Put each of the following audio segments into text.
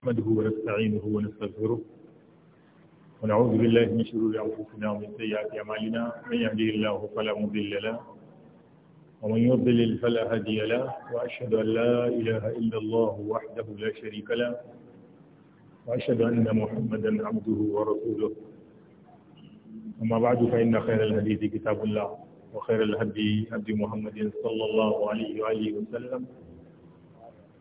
نحمده ونستعينه ونستغفره ونعوذ بالله من شرور انفسنا ومن سيئات اعمالنا من يهده الله فلا مضل له ومن يضلل فلا هادي له واشهد ان لا اله الا الله وحده لا شريك له واشهد ان محمدا عبده ورسوله اما بعد فان خير الحديث كتاب الله وخير الهدي هدي محمد صلى الله عليه واله وسلم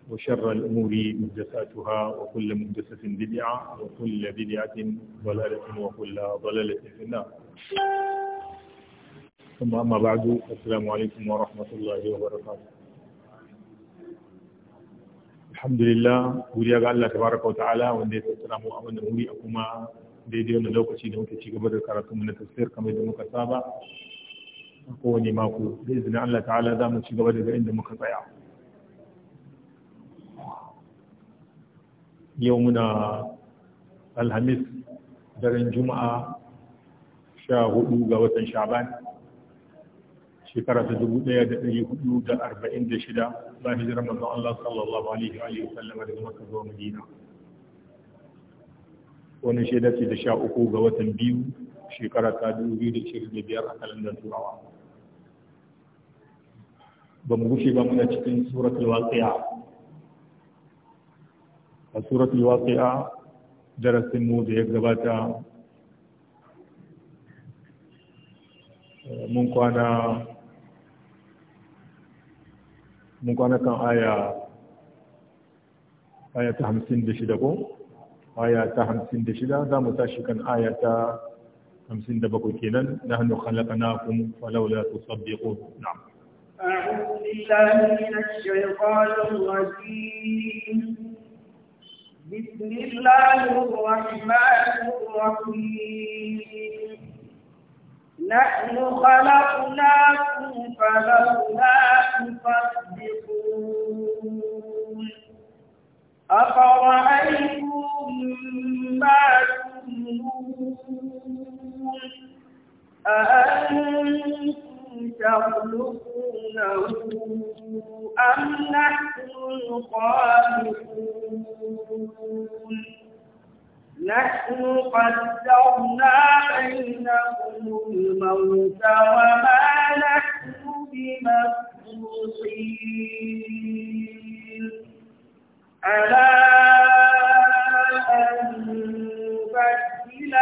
وشر الأمور مهدساتها وكل مهدسة بدعة وكل بدعة ضلالة وكل ضلالة في النار ثم أما بعد السلام عليكم ورحمة الله وبركاته الحمد لله godiya ga Allah tabaraka wa ta'ala wanda ya tsara mu a wannan wuri a kuma daidai wannan lokaci da muke cigaba da karatu na tafsir kamar da muka saba kowane mako da izinin Allah ta'ala za mu ci gaba daga inda muka tsaya yau muna alhamis daren juma'a sha hudu ga watan shaban shekara ta dubu daya da dari hudu da arba'in da shida ba hijirar manzon Allah sallallahu alaihi wa sallama daga maka zuwa madina wani shaida ce da sha uku ga watan biyu shekara ta dubu biyu da shirin da biyar a kalandar turawa ba mu gushe ba muna cikin suratul waqi'a سورة الواقعة درس مود يقباتا منقوانا منقوانا كان آية آية تهمسين آية دشدة بو آية تهمسين دشدة دا متاشي كان آية تهمسين دبكو كينا نحن خلقناكم فلولا تصدقون نعم أعوذ بالله من الشيطان الرجيم بسم الله الرحمن الرحيم نحن خلقناكم فلولا تصدقون أفرأيتم ما تمنون أأنتم تخلقونه أم نحن الخالقون نحن قدرنا بينكم الموت وما نحن بمسبوقين ألا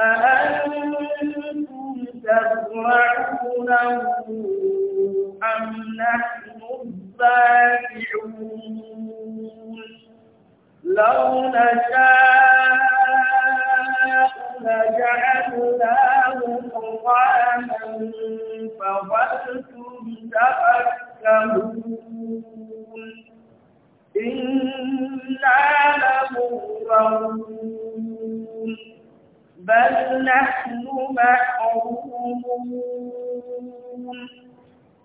أأنتم تزرعونه أم نحن الزارعون لو نشاء لجعلناه قرآنا فظلتم تفكهون إنا لمغرمون بل نحن محرومون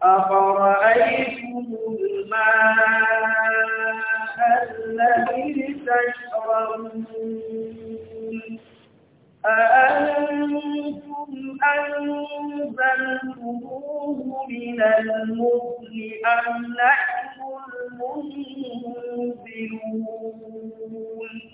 أفرأيتم الماء الذي تشربون أأنتم أنزلتموه من المغن أم نحن المنزلون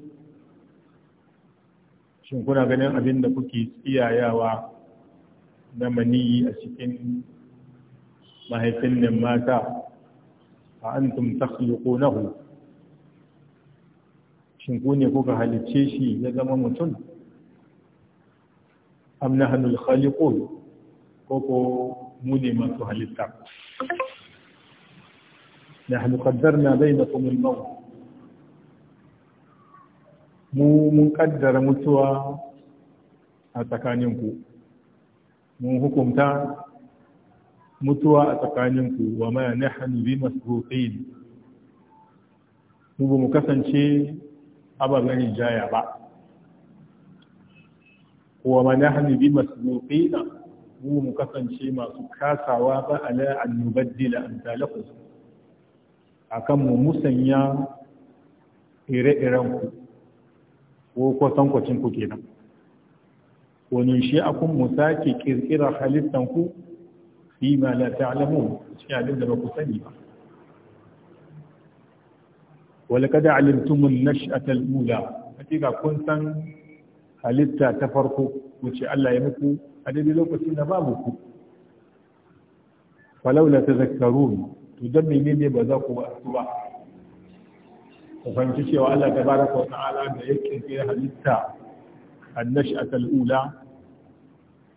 shin kuna ganin abin da kuke tsiyayawa na maniyi a cikin mahaifin nan mata a an tumtakhliqu nahu shin ne kuka halice shi ya zama mutum amna hannun ko ko mu ne masu halitta nahnu qaddarna bainakum al-maut mu mun kaddara mutuwa a tsakaninku mun hukumta mutuwa a tsakaninku wa ma nahnu bi masbuqin mu ba mu kasance ababen jaya ba wa ma nahnu bi masbuqin mu mu kasance masu kasawa ba ala an nubaddila amsalakum akan mu musanya ire-iren ku ko kwasan kwacin ku kenan wani shi kun mu sake kirkira halittan ku fi ma la ta'lamun cikin abin da ba ku sani ba kada ولقد علمتم a الأولى hakika kun san halitta ta farko wuce Allah ya muku a daidai lokacin da babu ku falaula tazakkarun to dan menene ba za ku ba ku fahimci cewa Allah tabaraka wa ta'ala da ya kirkira halitta annash'at al-ula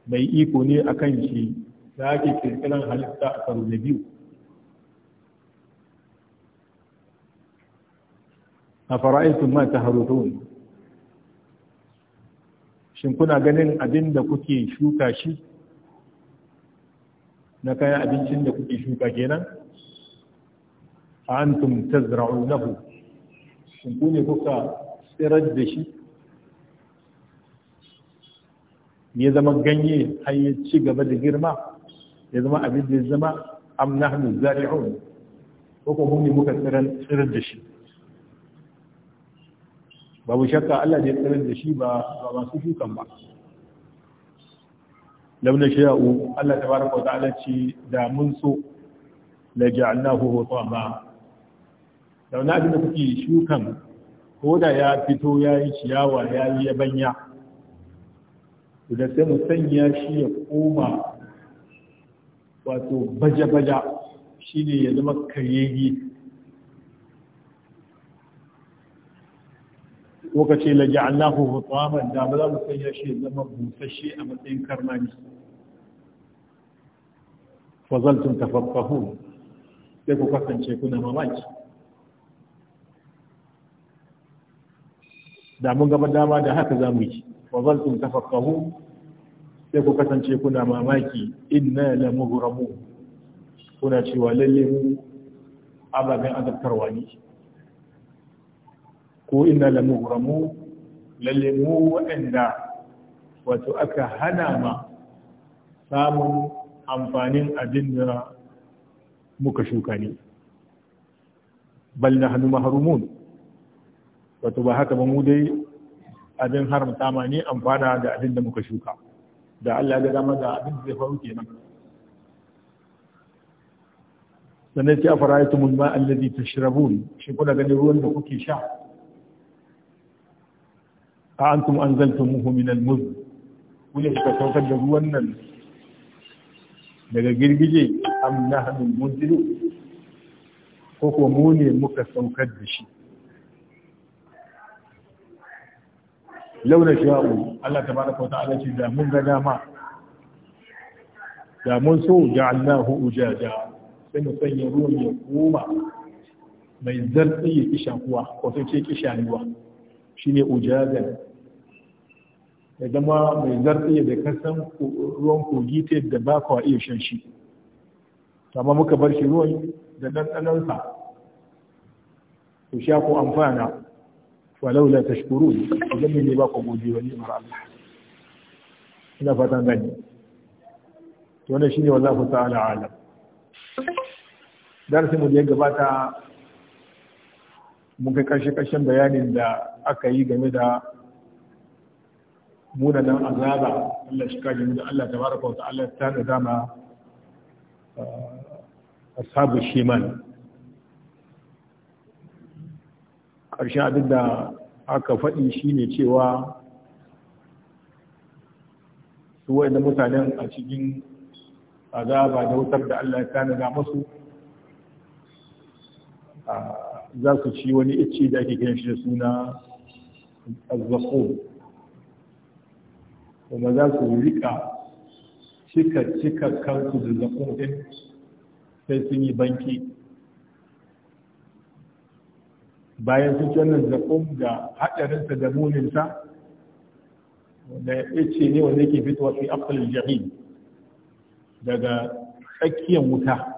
mai iko ne akan shi da ake kirkiran halitta a karo na biyu a fara'aitun ma ta harutun shin kuna ganin abin da kuke shuka shi na kayan abincin da kuke shuka kenan a antum tazra'unahu shin ne kuka tsirar da shi ya zama ganye hanyar ci gaba da girma ya zama abin da ya zama amna nahnu zari'un ko ko mun ne muka tsirar da shi babu shakka Allah ne ya tsirar da shi ba ba masu shukan ba launin sha'u Allah tabaraka wa ta'ala ce da mun so la ja'alnahu hutama da wani abin da kuke shukan ko da ya fito ya yi ciyawa ya yi yabanya da sai mu sanya shi ya koma wato baja-baja shi ne ya zama karyayye ko ka ce laji allahu hutuwaman da ba za mu sanya shi ya zama busasshe a matsayin karnani fazaltun tafafahun sai ku kasance kuna mamaki da mun gaba dama da haka za mu yi wa zaltum tafaqahu sai ku kasance kuna mamaki inna la mughramu kuna cewa lalle mu ababen azabtarwa ne ko inna la mughramu lalle mu waɗanda wato aka hana ma samun amfanin abin da muka shuka ne bal nahnu mahrumun wato ba haka ba mu dai abin haramta ma ni amfana da abin da muka shuka da Allah ga dama da abin da zai faru kenan sannan ce afaraitum alma alladhi tashrabun shi kuna ganin ruwan da kuke sha a antum anzaltumuhu min almuz kule ka saukar da ruwan nan daga girgije am nahnu munzilu ko ko mu ne muka saukar da shi launa sha'u Allah ta tabaraka wa ala ce da mun ga dama da mun so ja'alnahu ujaja sai mu sanya ruwan ya koma mai zarfi ya kisha kuwa ko sai ce kisha ruwa shine ujaja ya zama mai zartsi da kasan ruwan kogi ta yadda ba kawa iya shan shi amma muka bar shi ruwan da ɗanɗanansa ku sha ku amfana walau la tashkurun idan ne ba ku gode wa ni'mar Allah ina fatan gani to wannan shine wallahu ta'ala alam darasin mu da gabata mun kai karshe karshen bayanin da aka yi game da munanan azaba Allah shi kaji mu da Allah tabaraka wa ta'ala ta da dama eh, ashabu shiman ƙarshen abin da aka faɗi shi ne cewa su wa'inda mutanen a cikin azaba da wutar da Allah ya ga masu za su ci wani icce da ake kiran shi da suna azzaqum kuma za su rika cika cika kansu da zakon ɗin sai sun yi banki bayan sun ci wannan zakum ga haɗarinsa da muninsa wanda ya ce ne wanda yake fito fi afkalin jahim daga tsakiyar wuta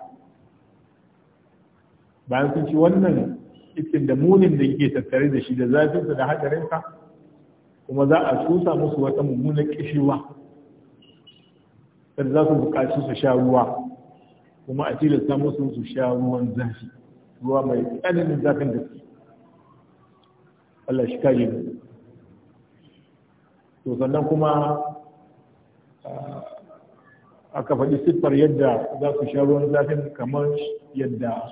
bayan sun ci wannan ikin da munin da yake tattare da shi da zafinsa da haɗarinsa kuma za a susa musu wata mummunan ƙishiwa sai za su buƙaci su sha ruwa kuma a tilasta musu su sha ruwan zafi ruwa mai tsananin zafin da su Allah shi kaji mu to sannan kuma ah, aka faɗi siffar yadda za su sha ruwan zafin kamar yadda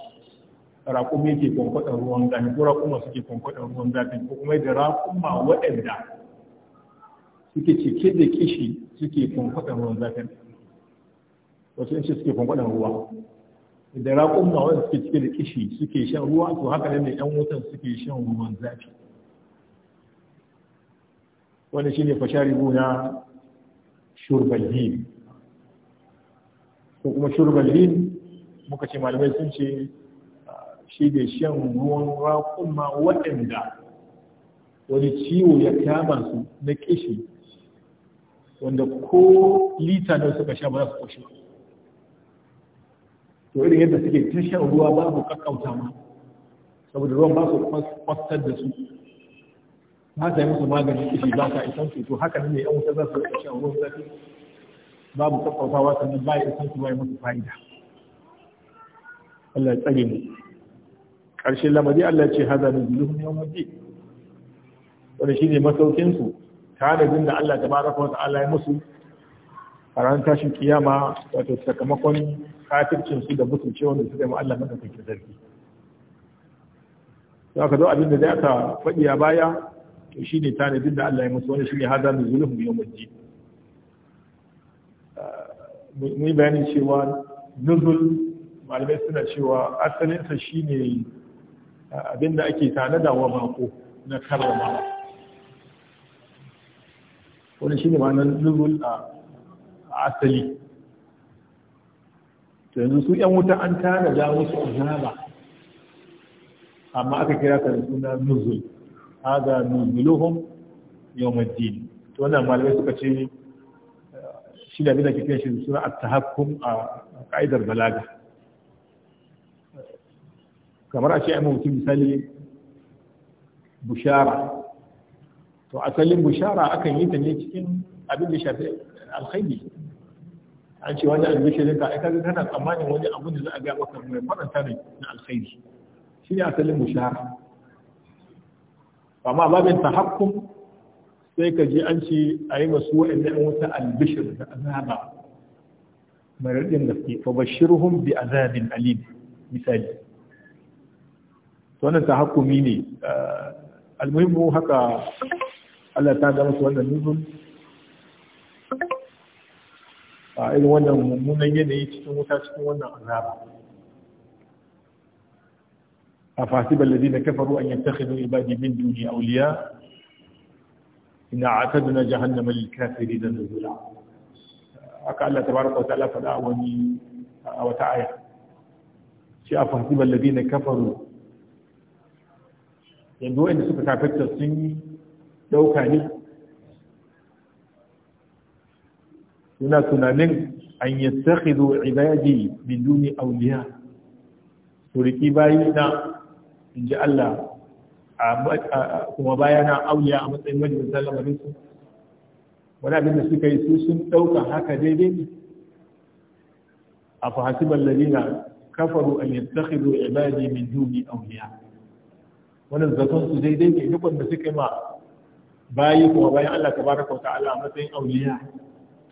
raƙumi ke kwankwaɗar ruwan zafin ko raƙuma suke kwankwaɗar ruwan zafin. ko kuma yadda raƙuma waɗanda suke cike da kishi suke kwankwaɗar ruwan zafin wasu yanci suke kwankwaɗar ruwa idan raƙuma waɗanda suke cike da kishi suke shan ruwa to haka ne ɗan wutan suke shan ruwan zafi wanda shi ne fasharibu na shurbalhin ko kuma shurbalhin muka ce malamai sun ce shi da shan ruwan rakun waɗanda wani ciwo ya kama su na kishi wanda ko lita da suka sha ba za su kwashe to irin yadda suke ta shan ruwa babu kakauta ma saboda ruwan ba su kwastar da su ba ta yi musu maganin kishi ba ta isan su to haka ne yan wuta za su rika shan ruwan zafi babu kakkautawa sannan ba ya isan su ba ya musu fa'ida Allah ya tsare mu ƙarshen lamari Allah ce haza ne zuluhum yawmal Wani shi ne masaukin su tanadin da Allah tabaraka wa ta'ala ya musu a ran tashin kiyama wato sakamakon kafircin su da ce wanda suka yi ma Allah madaukakin zargi. to ka zo abin da aka faɗi a baya to shine tanadin da Allah ya musu wani shine hada min zulhum yawmul din mun bayani cewa nuzul malamai suna cewa asalinsa shine abinda ake tanada wa bako na karrama wani shine ma'anar nuzul a asali to yanzu su yan wuta an tanada musu azaba amma aka kira ta da suna nuzul haza nuziluhum yawmuddin to wannan malamai suka ce shi da bin da kike shi suna at-tahakkum a ka'idar balaga kamar a ce ai mutum misali bushara to asalin bushara akan yi ta ne cikin abin da shafi alkhairi an ce wani albishirin ka aika kana tsammanin wani abu da za a ga maka mai faranta ne na alkhairi shi ne asalin bushara amma babin tahakkum sai ka je an ce a yi masu waɗanda an wata albishir da azaba mai raɗin gaske fa bashirhum bi azabin alim misali to wannan tahakkumi ne eh, almuhimmu haka Allah ta gama su wannan nuzul a irin wannan mummunan yanayi cikin wuta cikin wannan azaba أفاسب الذين كفروا أن يتخذوا عبادي من دوني أولياء إن أعتدنا جهنم للكافرين نزلا أكا الله تبارك وتعالى فلا أولي وتعالى شيء أفاسب الذين كفروا yanzu wa'in da suka kafirta لو yi هنا ne أن يتخذوا عبادي من sakhizo أولياء bin duni auliya in ji Allah kuma bayana auliya a matsayin majalisar lamarin su wani abin da suka yi su sun ɗauka haka daidai ne a fahasiban lalina kafaru a an a ibadi min duni awliya Wani zaton su daidai ne duk wanda suka yi ma bayi kuma bayan Allah tabaraka wa ta'ala a matsayin auliya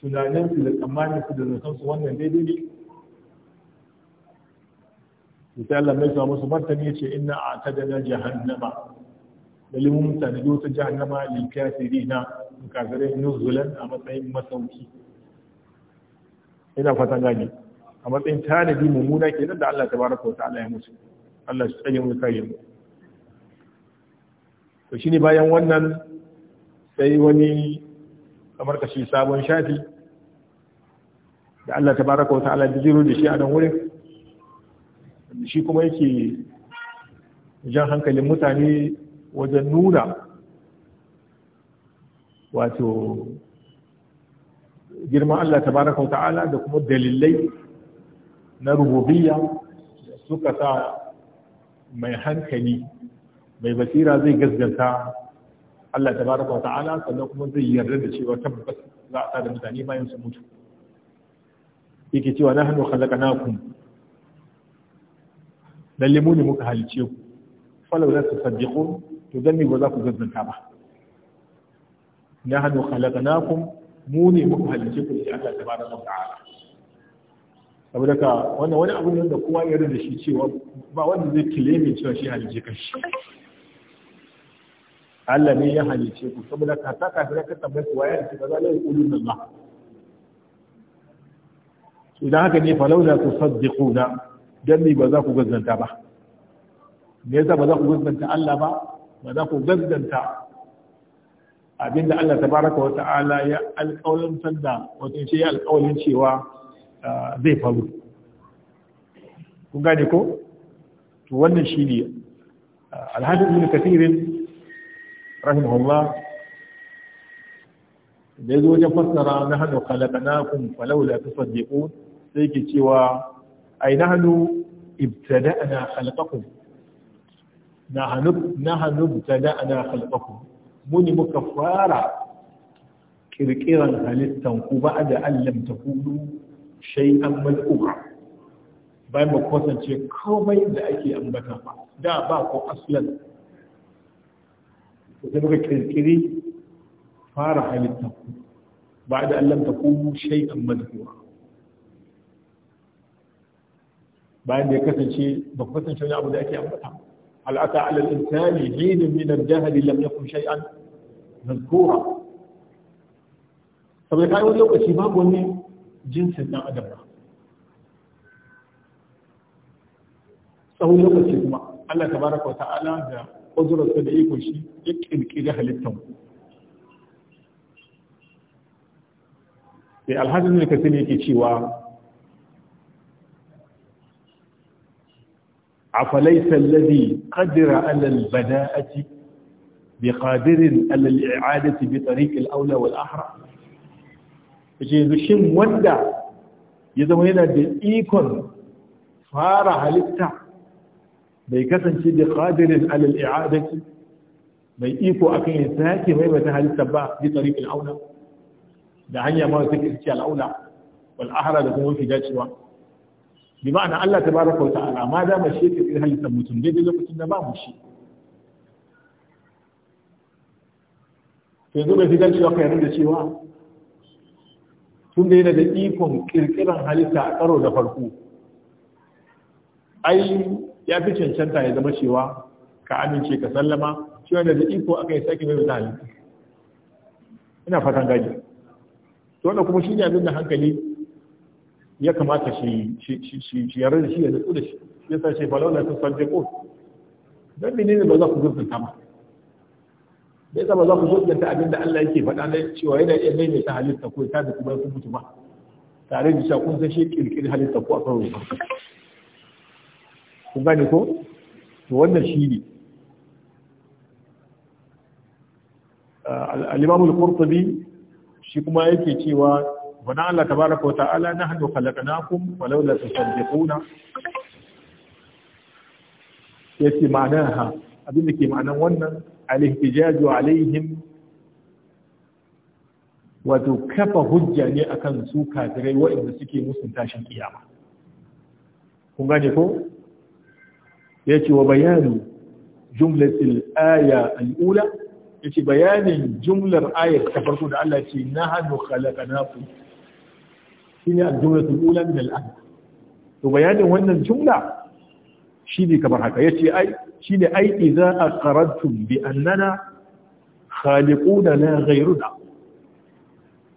tunanin su da tsammanin su da zaton su wannan daidai ne sai Allah mai zuwa musu martani yace inna a'tadna jahannama Dalilin mutane da wata jahannama lil kafirina kafirai nuzulan a matsayin masauki ina fatan gani a matsayin tanadi mummuna kenan da Allah baraka wata Allah ya mutu Allah su tsaye mu kare mu to shi ne bayan wannan sai wani kamar kashi sabon shafi da Allah ta baraka ta'ala bijiro da shi a nan wurin shi kuma yake jan hankalin mutane wajen nuna wato girman Allah baraka ta'ala da kuma dalilai na rububiyya suka sa mai hankali mai basira zai gasganta Allah baraka ta'ala sannan kuma zai yarda da cewa tabbas za a da mutane bayan su mutu yake cewa na khalaqnakum lalle mu ne muka halice ku falau la tusaddiqun to dan ne ba za ku gazzanta ba nahnu khalaqnakum mu ne muka halice ku sai Allah tabaraka wa ta'ala saboda ka wannan wani abu ne da kowa ya rinda shi cewa ba wanda zai kileme cewa shi halice shi. Allah ne ya halice ku saboda ka saka kafin ka tabbata ku waye ki kaza lai kulun Allah idan haka ne falau la tusaddiquna don ba za ku gazzanta ba me yasa ba za ku gazzanta Allah ba ba za ku gazzanta abinda Allah ta wa ta'ala ya alƙawalin sanda wato ce ya alƙawalin cewa zai faru kun gane ko to wannan shi shine alhaji ibn kathirin rahimahullah da yazo wajen fassara na hanu khalaqnakum falawla tusaddiqun sai ke cewa أي نحن ابتدأنا خلقكم نحن نحن ابتدأنا خلقكم من مكفارة كركيرا هلتنكو بعد أن لم تكونوا شيئا ملؤوعا bayan ba ku kasance komai da ake ambata ba da ba ku aslan sai muka kirkiri fara halitta ba da allan ta kuma shay'an madhura bayan da ya kasance ba ku kasance wani abu da ake ambata hal ata ala al-insani hinun min al-jahl lam yakun shay'an mazkura saboda kai wani lokaci babu wani jinsin dan adam ba tsawon lokaci kuma Allah tabaraka wa ta'ala da uzurarsa da iko shi ya kirkiri halittan sai eh, alhajin da kasini yake cewa أفليس الذي قدر على البداءة بقادر على الإعادة بطريق الأولى والأحرى إذا فشين ودع يزمينا بإيكون فارع للتع بيكسن شيء بقادر على الإعادة بيكو أكين ساكي ويبتها للتبع بطريق الأولى دعني ما تكسي الأولى والأحرى لكم في جاتشوا bi ma'ana Allah baraka wa ta'ala ma da mashi ta irin halittar mutum daidai lokacin da ba mu shi yanzu bai fitar cewa kayanin da cewa tun da yana da ikon kirkiran halitta a karo da farko ai ya fi cancanta ya zama cewa ka amince ka sallama cewa da da iko aka yi sake mai da halitta ina fatan gaji to wanda kuma shi ne abin da hankali ya kamata shi shi yarda da shi ya nutsu da shi ya sa shi falawa sun san ko dan ne ba za ku gurgunta ba bai ba za ku gurgunta ta abinda Allah yake faɗa na cewa yana iya mai ta halitta ko ta da kuma sun mutu ba tare da cewa kun san shi kirkiri halitta ko a karo kun gane ko to wannan shi ne al-Imam al-Qurtubi shi kuma yake cewa wana Allah tabaraka wa ta'ala nahnu khalaqnakum wa laula tusaddiquna yace ma'anaha abin da ke ma'anar wannan al-ihtijaju alaihim wato kafa hujja ne akan su kafirai waɗanda suke musun tashin kiyama kun gane ko yace wa bayanu jumlatil aya al-ula yace bayanin jumlar ayar ta farko da Allah ce nahnu khalaqnakum shine al-jumlatul ula min al-ahd to bayanin wannan jumla shine kamar haka yace ai shine ai idza aqarantum bi annana khaliquna la ghayruna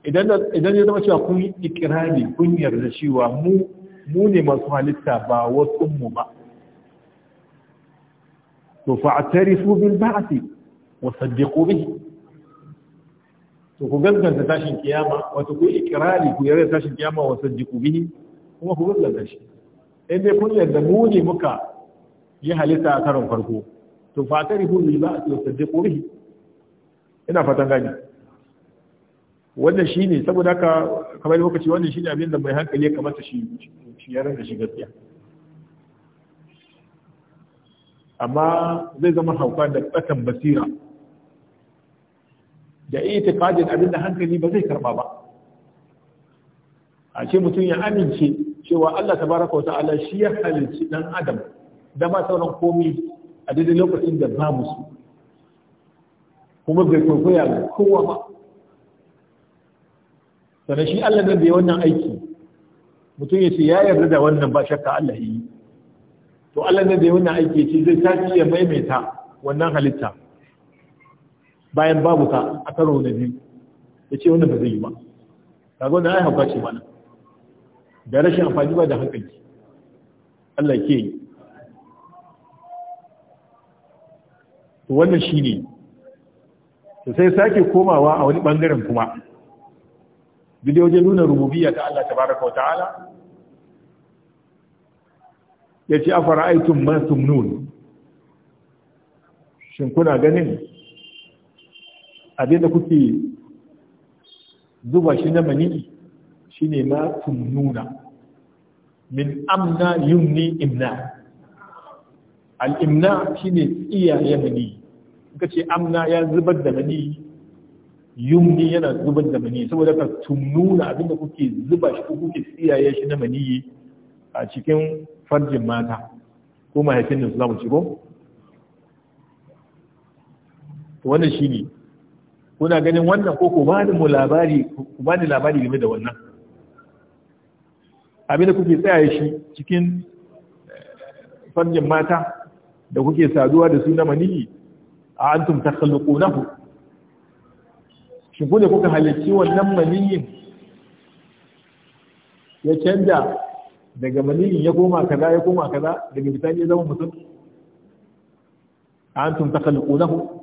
idan idan ya zama cewa kun ikrari kun yarda cewa mu mu ne masu halitta ba wasu mu ba to fa'tarifu bil ba'thi wa saddiqu bihi to ku gaskanta tashin kiyama wato ku ikirari ku yarda tashin kiyama wa sajjiku bihi kuma ku gaskanta shi in dai kun yarda mu ne muka yi halitta a karon farko to fa tarihu li ba wa sajjiku bihi ina fatan gani wannan shine saboda ka kamar lokaci wannan shine abin da mai hankali ya kamata shi shi yaran da shi gaskiya amma zai zama hauka da tsakan basira da itikadin abin da hankali ba zai karba ba a ce mutum ya amince cewa Allah tabaraka wata'ala shi ya halicci dan adam da ma sauran komi a daidai lokacin da ba musu kuma bai kwaikwaya ga kowa ba sana shi Allah da bai wannan aiki mutum ya ce ya yarda da wannan ba shakka Allah yi to Allah ne da wannan aiki ce zai tashi ya maimaita wannan halitta bayan babu ka a karo na biyu ya ce wannan ba zai yi ba kaga wanda ai hauka ce mana da rashin amfani ba da hankali Allah ke yi to wannan shine to sai sake komawa a wani bangaren kuma duk wajen nuna rububiyya ta Allah tabaraka wa ta'ala afara afara'aytum ma tumnun shin kuna ganin abin da kuke zuba shi na mani shi ne ma nuna. min amna yunni imna al'imna shi ne tsiyaye mani ka ce amna ya zubar da mani yunni yana zubar da mani saboda ka nuna abin da kuke zuba shi kuke tsiyaye shi na mani a cikin farjin mata ko mahaifin da su zama ci ko shi ne. kuna ganin wannan ko ku bani mu labari ku bani labari game da wannan abin da kuke tsaya shi cikin eh, fannin mata da kuke saduwa da su na maniyi a antum takhluqunahu shi kuke kuka halicci wannan maniyin ya canja daga maniyin ya koma kaza ya koma kaza daga bisani ya zama mutum a antum takhluqunahu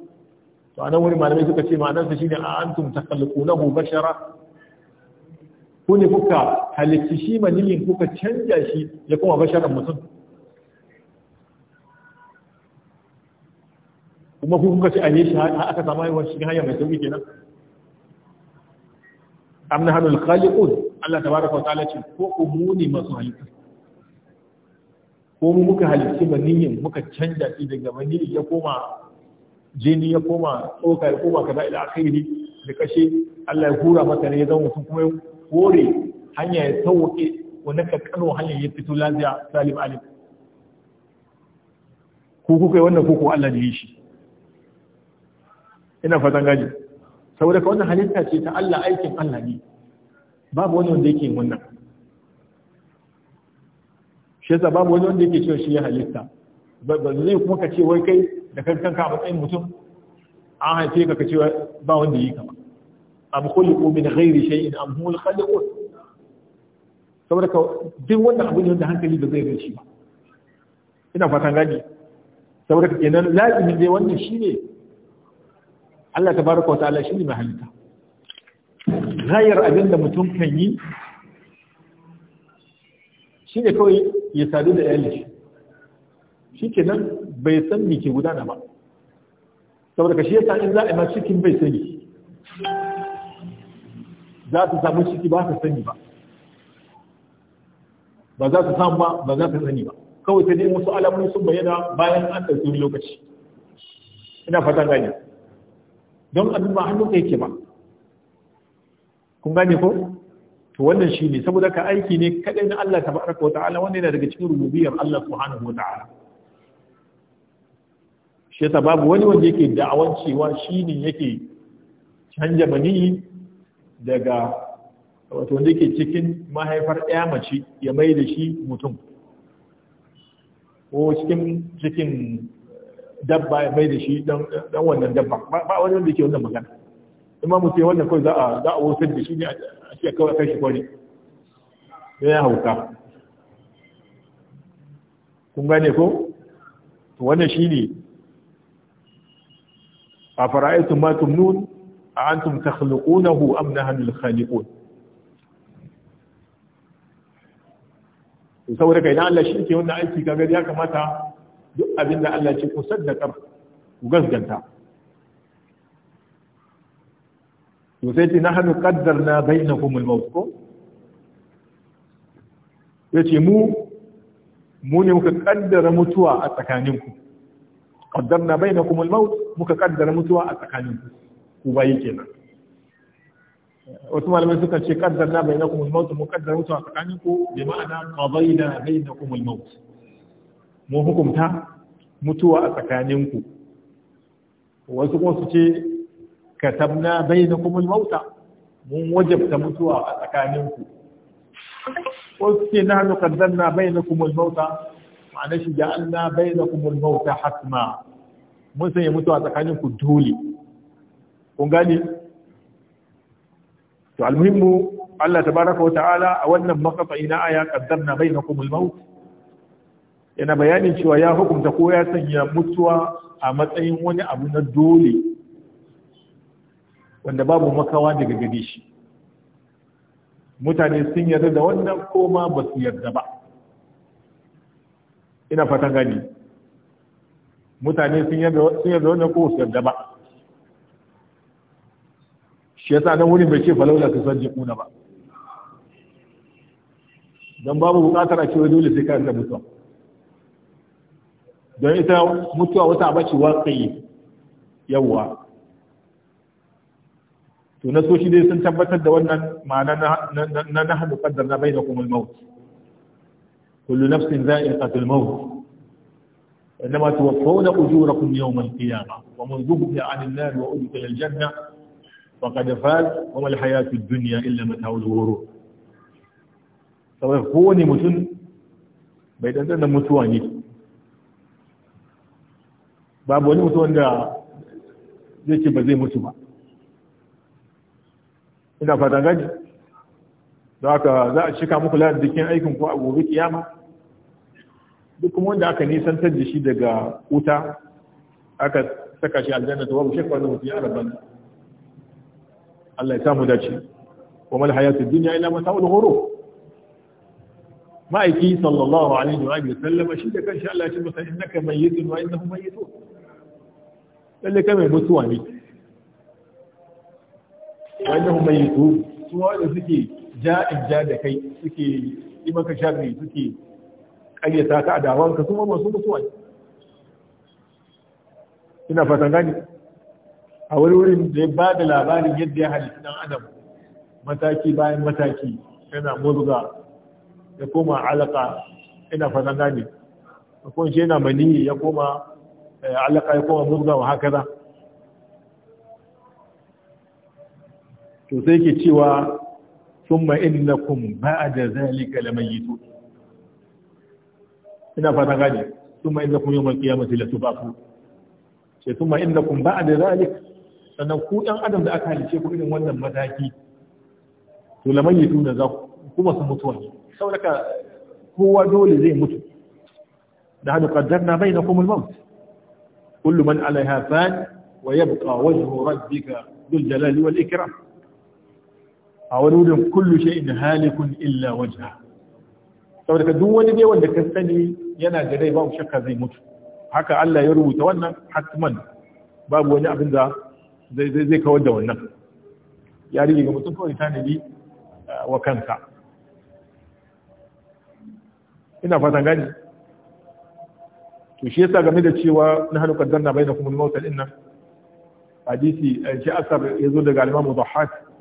to anan wani malamai suka ce ma'anarsa shine a antum takhluqunahu bashara ku kuka halitta shi manilin kuka canja shi ya kuma basharan mutum kuma ku kuka ce a ne shi aka samu yawan shi hanya mai sauki kenan amna hanul khaliqun Allah tabaraka wa ta'ala ce ko umuni masu halitta ko mu muka halitta maniyin muka canja shi daga maniyi ya koma jini ya koma tsoka ya koma kaza ila akhiri da kashe Allah ya hura masa ne ya zama mutum kuma ya kore hanya ya sauke wani kakkano hanyar ya fito lafiya salim alim ko kuka yi wannan koko Allah ya yi shi ina fatan gaji saboda ka wannan halitta ce ta Allah aikin Allah ne babu wani wanda yake wannan shi yasa babu wani wanda yake cewa shi ya halitta ba zai kuma ka ce wai kai da kankanka a matsayin mutum an haife ka ka cewa ba wanda yi kama am khuliqu min ghairi shay'in am humul khaliqun saboda ka din wannan abu ne wanda hankali ba zai rishi ba ina fatan gani saboda ka kenan lazimin dai wannan shine Allah tabaraka wa ta'ala shine mai halitta gayar abin da mutum kan yi shine kawai ya sadu da iyalin shikenan bai san me ke gudana ba saboda ka shi yasa in za a ma cikin bai sani za su samu ciki ba ta sani ba ba za su samu ba ba za ta sani ba kawai ta dai musu alamun sun bayyana bayan an ɗauki lokaci ina fatan gani don abin ba hannun yake ba kun gane ko to wannan shi ne saboda ka aiki ne kadai na Allah tabaraka wa ta'ala wannan yana daga cikin rububiyar Allah subhanahu wa ta'ala shi yasa babu wani wanda yake da'awan cewa ne yake canja maniyi daga wato wanda yake cikin mahaifar ɗaya mace ya mai da shi mutum ko cikin cikin dabba ya mai da shi dan wannan dabba ba wani wanda yake wannan magana imma mu ce wannan kawai za a za a da shi ne a ce kawai kai shi kwari ya hauka kun gane ko to wannan ne. afara'aytum ma tumnun a antum takhluqunahu am nahnu al-khaliqun saboda kai dan Allah shi ke wannan aiki kaga ya kamata duk abin da Allah ce ku saddaka ku gasganta to sai ce nahnu qaddarna bainakum al-maut ko yace mu mu ne muka kaddara mutuwa a tsakaninku qaddarna bainakum al-maut muka kaddara mutuwa a tsakanin ku bayi kenan wasu malamai suka ce qaddarna bainakum al-maut mu kaddara mutuwa a tsakanin ku bi ma'ana qadayna bainakum al-maut mu hukumta mutuwa a tsakanin ku wasu kuma su ce katabna bainakum al-mauta mun wajabta mutuwa a tsakanin ku wasu ce na nahnu qaddarna bainakum al-mauta ma'ana shi ja Allah bai da kumul mauta hasma mun sanya mutuwa tsakanin ku dole kun gane to almuhimmu Allah tabaraka wata'ala a wannan maqta'i na aya qaddarna bainakumul maut yana bayanin cewa ya hukunta ko ya sanya mutuwa a matsayin wani abu na dole wanda babu makawa daga gare shi mutane sun yarda da wannan koma ba su yarda ba ina fatan gani mutane sun yarda wannan ko su yarda ba shi yasa nan wurin bai ce falaula su san jikuna ba don babu bukatar a cewa dole sai ka da mutuwa don ita mutuwa wata abaci watsayi yawwa to na so shi dai sun tabbatar da wannan ma'ana na hannu qaddar na bai da kuma maut kullu nafsin za'iqatul maut إنما توفون أجوركم يوم القيامة ومن ذهب عن النار وأدخل الجنة فقد فاز وما الحياة الدنيا إلا متاع الغرور saboda kowane mutum bai ɗanɗanar mutuwa ne babu wani mutum wanda zai ce ba zai mutu ba ina fatan gani haka za a cika muku ladadikin aikin ku a gobe kiyama duk kuma wanda aka nisantar da shi daga wuta aka saka shi aljanna to babu shakka wannan ya rabban Allah ya samu dace wa mal hayatud dunya illa mata'ul ghurur ma'aiki sallallahu alaihi wa sallam shi da kanshi Allah ya ce masa innaka mayyitun wa innahum mayyitun lalle kai mai mutuwa ne wa innahum mayyitun Suwa da suke ja in ja da kai suke yi maka sharri suke ayyata ka a ka kuma masu mutuwa ina fatan gani a wurin da ya ba da labarin yadda ya halittu dan adam mataki bayan mataki yana murga ya koma alaka ina fatan gani a kunshi yana maniyi ya koma eh, alaka ya koma murga wa haka za sosai ke cewa ثم إنكم بعد ذلك لميتون إنا فتغاني ثم إنكم يوم القيامة لتباقوا ثم إنكم بعد ذلك سنوكو أن أدم ذاك هالي شيكو إنه وانا مداجي لميتون ذاك كما سمتوان سوى لك هو دول زي متو نحن قدرنا بينكم الموت كل من عليها فان ويبقى وجه ربك ذو الجلال والإكرام a wani wurin kullu shi hali halikun illa wajha saboda ka duk wani dai wanda ka sani yana da rai babu shakka zai mutu haka Allah ya rubuta wannan hatman babu wani abin da zai zai zai kawar da wannan ya rige ga mutum kawai tanadi eh, wa kansa ina fatan gani to shi yasa game da cewa na hanu kaddarna bainakum al-maut al-inna hadisi eh, shi asar yazo daga al-Imam Dhahhak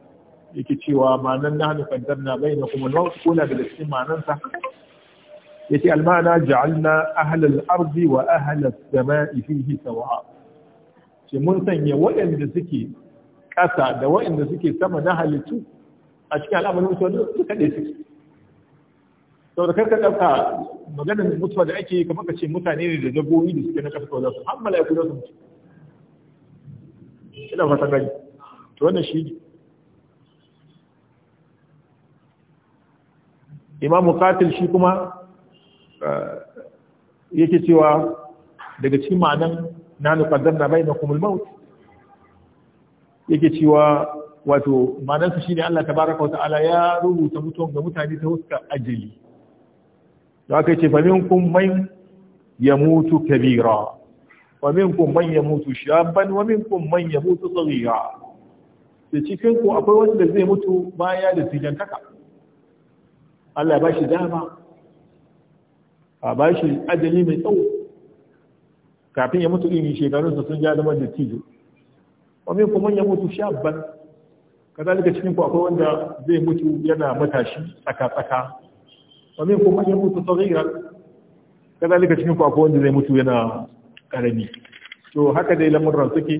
yake cewa ma'anan na hannu kwantar na bai na kuma laut kuna da cikin ma'anansa yake almana ja'alna ahlal ardi wa ahlal sama'i fihi sawa'a ce mun sanya waɗanda suke ƙasa da waɗanda suke sama na halittu a cikin al'amarin su su kaɗe suke sau da karka ɗauka maganin mutuwa da ake kamar ka ce mutane ne da dabbobi da suke na ƙasa kawai su hammala ya kudu su mutu ina fata gani to wannan shi ne imam muqatil shi kuma eh, yake cewa daga cikin ma'anan na nuqaddarna bainakumul maut yake cewa wato shi ne Allah tabaraka wata'ala ya rubuta mutuwan ga mutane ta huska ajali da aka ce faminkum man yamutu kabira wa minkum man yamutu shabban wa minkum man yamutu saghira da cikin ku akwai wanda zai mutu baya da tijan kaka Allah ba shi dama a ba shi ajali mai tsawo kafin ya mutu ɗin shekarunsa sun ja zama da tijo wani kuma ya mutu shabban kazalika cikin ku akwai wanda zai mutu yana matashi tsaka-tsaka wani kuma ya mutu tsagirar kazalika cikin ku akwai wanda zai mutu yana ƙarami to haka dai lamurran suke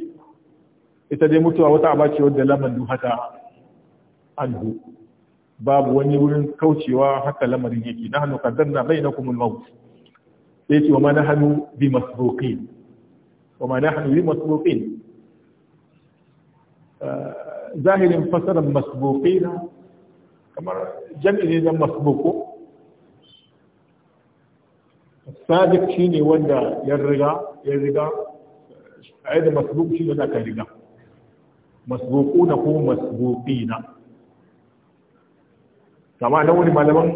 ita dai mutuwa wata abace wadda lamandu haka anhu babu wani wurin kaucewa haka lamarin yake na hannu na bai na kuma maut sai ce wa ma na hannu bi masroƙin wa ma eh, na hannu bi masroƙin zahirin fasarar na kamar jami'in na masroƙo sadiq shi ne wanda ya riga ya riga a yadda masroƙ shi ne za ka riga masroƙuna ko na kama nan wani malaman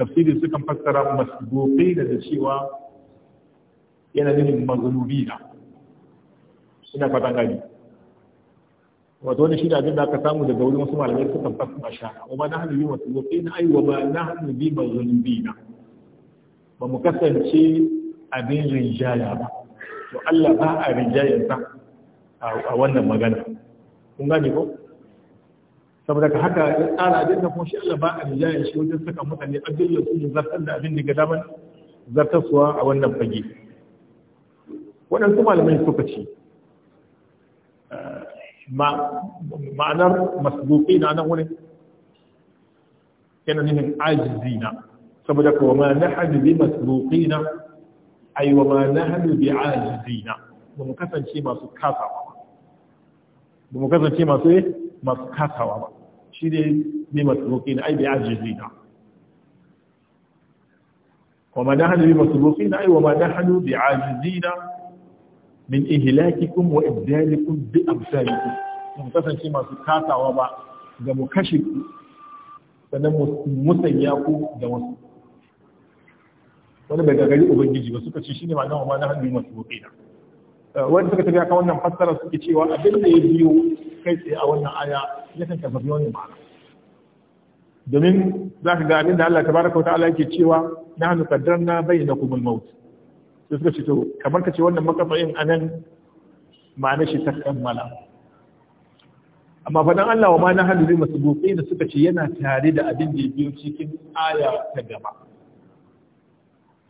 tafsiri sukan fassara masbuqi da cewa yana nufin mazlubina ina fatan gani wato wani shine abin da aka samu daga wurin wasu malamai sukan fassara sha wa ma nahnu bi masbuqina ay wa ma nahnu bi mazlubina ba mu kasance abin rinjaya ba to Allah ba a rinjayansa a wannan magana kun gane ko saboda ka haka ya tsara abin da kuma shi Allah ba a rijayen shi wajen saka mutane a dilla su zartar da abin da ga daman zartarsuwa a wannan fage waɗansu malamai suka ce ah, ma'anar masbuki na nan wani yana nufin ajizi na saboda ka wama na hannu bi masbuki na ai wama na hannu bi ajizi na ba mu kasance masu kasawa ba mu kasance masu eh, masu kasawa ba shi ne bi na ai bi na wa ma hannu bi na ai wa ma hannu bi na min ihilakikun wa ibdalikun bi amsalikum mun kasance masu katawa ba ga mu kashe ku sannan musanya ku da wasu wani bai gagari ubangiji ba suka ce shi ne ma hannu bi na Eh, wanda suka tafiya ka wannan fassara suke cewa abin da ya biyo kai tsaye a wannan aya ya kan biyo ne ma'ana domin za ka ga abin da Allah tabaraka wa ta'ala yake cewa na hannu na qaddarna bainakum al-maut sai suka ce to kamar ka ce wannan makafayin anan ma'ana shi ta kammala amma fadan Allah wa ma masu bi da suka ce yana tare da abin da ya biyo cikin aya ta gaba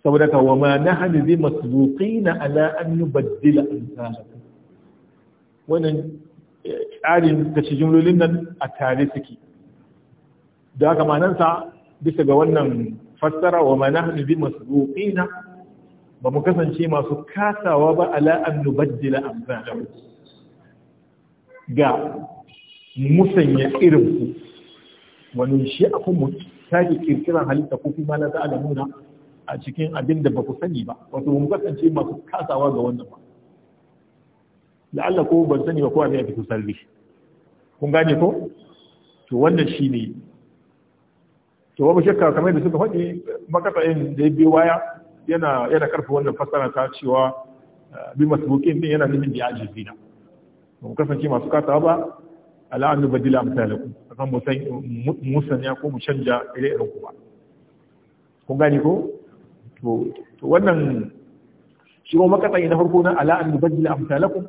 saboda ka wa ma na nahnu bi masbuqina ala an nubaddila amsalakum wannan eh, tsarin ta ci jumlolin nan a tare suke da haka manansa bisa ga wannan fassara wa ma na nahnu bi masbuqina ba mu kasance masu kasawa ba ala an nubaddila amsalahu ga musanya irin ku wani shi akun mu sake kirkiran halitta ko kuma la ta'lamuna a cikin abin da ba ku sani ba wato mu kasance masu kasawa ga wannan ba Allah ko ban sani ba ko abin da ku sani kun gane ko to wannan shine to babu shakka kamar da suka faɗi in da ya biyo waya yana yana karfa wannan fassara ta cewa eh, bi masbuqin din yana nufin da ajizina mu kasance masu kasawa ba ala an nubadila amsalakum mu sanya ko mu canja ire irin ku ba kun gane ko to wannan shi kuma makasai na farko na ala an yubaddil amsalakum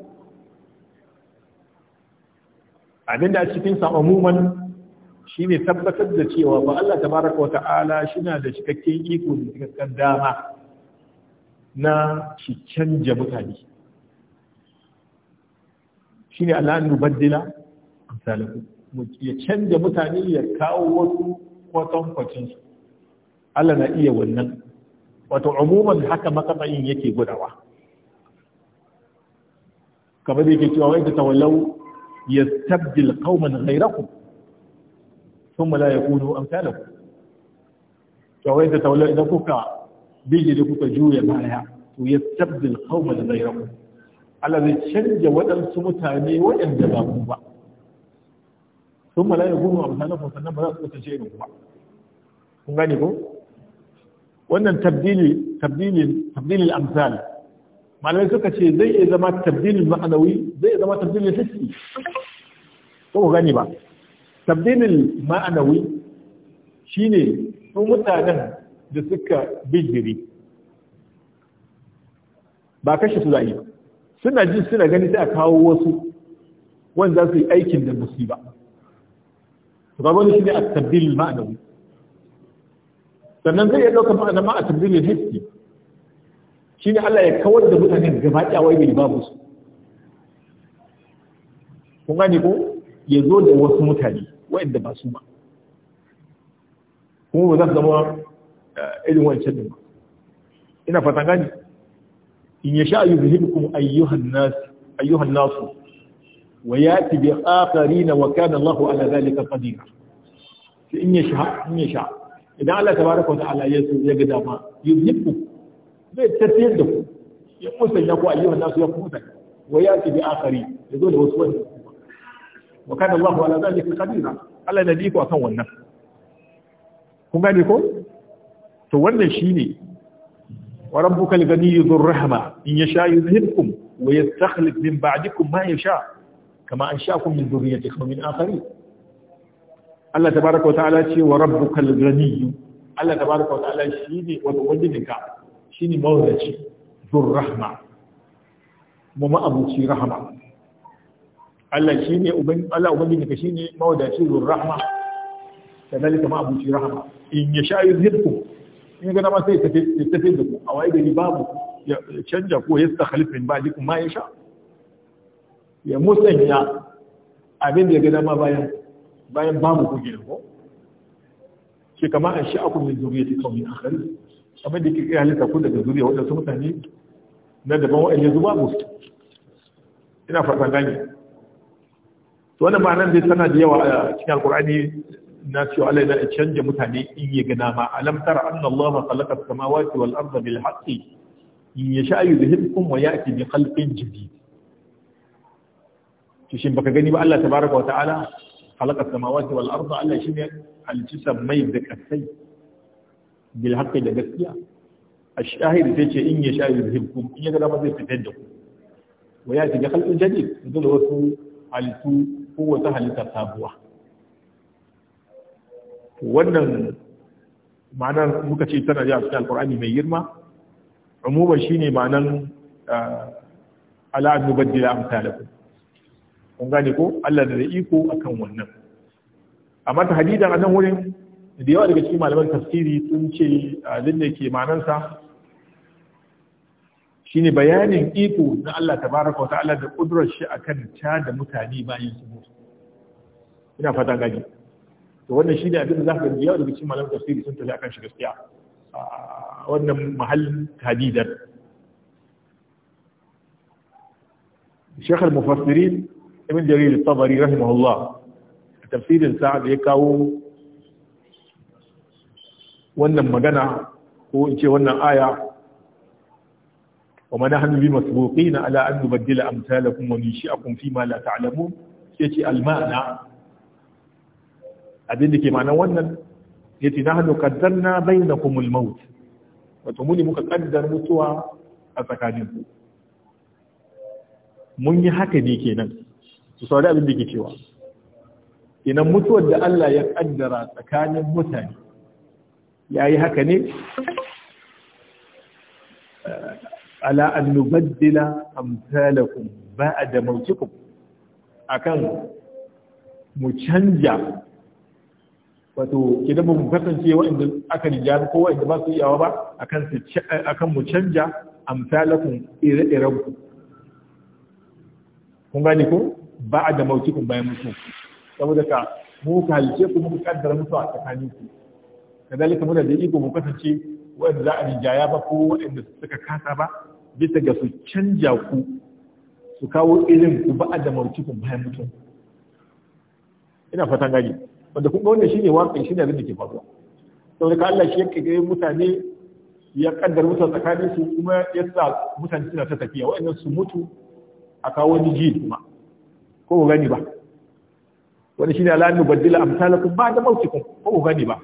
abinda a cikin sa umuman shi ne tabbatar da cewa ba Allah ala shi na da cikakken iko da cikakken dama na shi canja mutane shi ne ala an yubaddila amsalakum ya canja mutane ya kawo wasu kwatankwacin su Allah na iya wannan wato abubuwan haka makatsayin yake gudawa kamar da yake cewa wai da tawallau yastabdil qauman ghayrakum thumma la yakunu amsalakum to wai da tawallau idan kuka bige da kuka juya baya to yastabdil qauman ghayrakum Allah zai canja waɗansu mutane waɗanda ba mu ba Sun thumma la yakunu amsalakum sannan ba za su kasance irin ku ba kun gane ko wannan tabdili tabdilin tabdilil amsal malamai suka ce zai iya zama tabdilin ma'anawi zai iya zama tabdilin hissi ko ku gani ba tabdilin ma'anawi ne su mutanen da suka bijiri ba kashe su za'i suna jin suna gani sai a kawo wasu wanda za su yi aikin da musiba to ga wani ne a tabdil ma'anawi sannan zai yi lokacin ma'ana ma a tabbilin hiski shi ne Allah ya kawar da mutanen gaba kyawai da babu su kun gane ko ya zo da wasu mutane wa'anda ba su ba kuma ba za su zama irin wancan din ba ina fata gani in ya sha yuzhibukum ayyuhan nas ayyuhan nas wa yati bi akharin wa kana Allahu ala dhalika qadira in ya sha in ya sha idan Allah tabaraka wa ta'ala ya so ya ga dama yuzhibu zai tafiyar da ku ya musanya ku ayyuhan nasu ya kuta wa yati bi akhari yazo da wasu wani wa kana Allah ala zalika qadira Allah na diko akan wannan kun gane ko to wannan shine wa rabbuka al-ghaniyyu dhur-rahma in yasha yuzhibkum wa yastakhlif min ba'dikum ma yasha kama ansha'akum min dhurriyyatikum min akharin Allah tabaraka wa ta'ala ce wa rabbukal ghani Allah tabaraka wa ta'ala shine wato wajinka shine mawdaci zur rahma mu ma'abuci rahma Allah shine uban Allah ubangijinka shine mawdaci zur rahma kadalika ma'abuci rahma in yasha yuzhibkum in ga dama sai tafi da ku a waye gari babu ya canja ko ya stakhlif min ba'dikum ma yasha ya musanya abin da ya ga dama bayan bayan babu ku gina ko ke kama an sha'akun min zuriyati qaumin akharin abin da ke iya halitta ku daga zuriya waɗansu mutane na daban wa'in yanzu babu ina fatan gani to wani ma nan dai tana da yawa a cikin alqur'ani na cewa Allah yana canja mutane in yi gana ma alam tara anna Allah khalaqa as-samawati wal arda bil haqqi in yasha yudhibkum wa ya'ti bi khalqin jadid to shin baka gani ba Allah tabaraka wa ta'ala halakar samawati wal arda Allah shi ne halici sammai da kasai bil haƙƙi da gaskiya a shahid sai ce in ya shahid in ya ga dama zai fitar da ku wa ya shiga khalqin jadid yanzu da wasu halittu ko wata halitta sabuwa wannan ma'anar muka ce tana da cikin alqur'ani mai girma umuman shine ma'anar ala nubaddila amsalakum kun gane ko Allah da iko akan wannan amma ta hadidan a nan wurin da yawa daga cikin malaman tafsiri sun ce abin da ke manansa shine bayanin iko na Allah tabaraka wa ta'ala da kudrar shi akan ta da mutane bayan su mutu ina fata gani to wannan shine abin da zaka ga yawa daga cikin malaman tafsiri sun tafi akan shi gaskiya wannan mahallin hadidan Sheikh al-Mufassirin ibn jarir al-tabari rahimahullah tafsirin sa da ya kawo wannan magana ko in ce wannan aya wa mana hannu bi masbuqina ala an nubaddila amsalakum wa nishi'akum fi ma la ta'lamun yace al-ma'na abin da ke ma'anar wannan yace na hannu kaddanna bainakum al-maut wato muni muka kaddar mutuwa a tsakaninku mun yi haka ne kenan su sauri abin da ke cewa idan mutuwar da Allah ya kaddara tsakanin mutane ya yi haka ne eh, ala an nubaddila amsalakum ba'da mautikum akan mu canja wato idan mu kasance wa'anda aka rija ko wa'anda ba su iyawa ba akan su akan mu canja amsalakum ire-iren ku kun gane ko ba a da mautikun bayan mutum saboda ka mu ka ku muka kaddara mutu a tsakanin ku kadalika muna da iko mu kasance wanda za a rinjaya ba ko wanda suka kasa ba bisa ga su canja ku su kawo irin ku ba a da mautikun bayan mutum. ina fatan gani wanda kun ga wannan shine waƙi shine abin da ke faruwa saboda ka Allah shi ya kage mutane ya kaddar mutu tsakanin su kuma ya sa mutane suna ta tafiya wa'annan su mutu a kawo wani ji kuma ko ku gani ba wani shine ala nu badila amsalakum ba da mautikum ko ku gani ba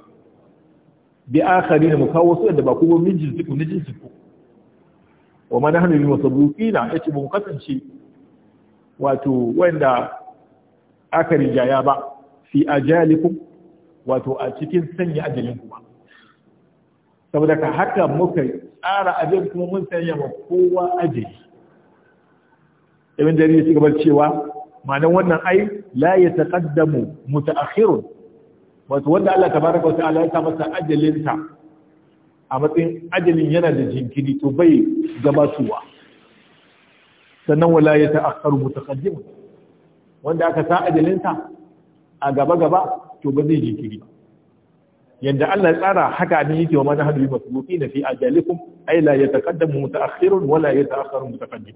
bi akhari mu kawo su da ba ku min ku ni ku wa man nahnu lil musabiqina yace mu kasance wato wanda aka rijaya ba fi ajalikum wato a cikin sanya ajalin ku ba saboda ka haka muka tsara abin kuma mun sanya ma kowa ajali ibn jarir ya gaba cewa ma'anan wannan ai la ya taqaddamu mutaakhirun wato wanda Allah tabaraka wa ta'ala ya sa masa ajalin a matsayin ajalin yana da jinkiri to bai gabatuwa sannan wala ya ta'akkaru mutaqaddimun wanda aka sa ajalin a gaba gaba to ba zai jinkiri ba yadda Allah ya tsara haka ne yake wa manhajul na fi ajalikum ay la yataqaddamu mutaakhirun wala yata'akhkharu mutaqaddim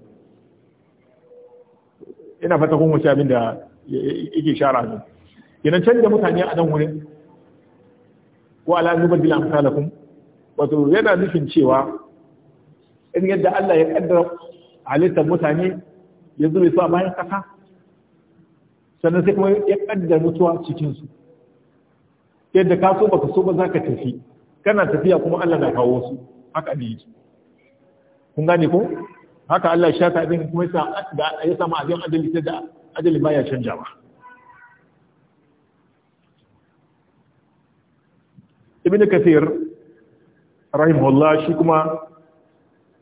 ina fata kun wuce abin da yake shara ne Idan canza mutane a nan wurin ko ala zuba dila amsalakum wato yana nufin cewa in yadda Allah ya kaddara halittar mutane ya zuba su a bayan kasa sannan sai kuma ya kaddara mutuwa cikin su yadda ka so baka so ba zaka tafi kana tafiya kuma Allah na kawo su haka ne kun gane ko haka Allah ya shata abin kuma ya samu azin adali sai da adali baya canja ba ibn kathir rahimahullah shi kuma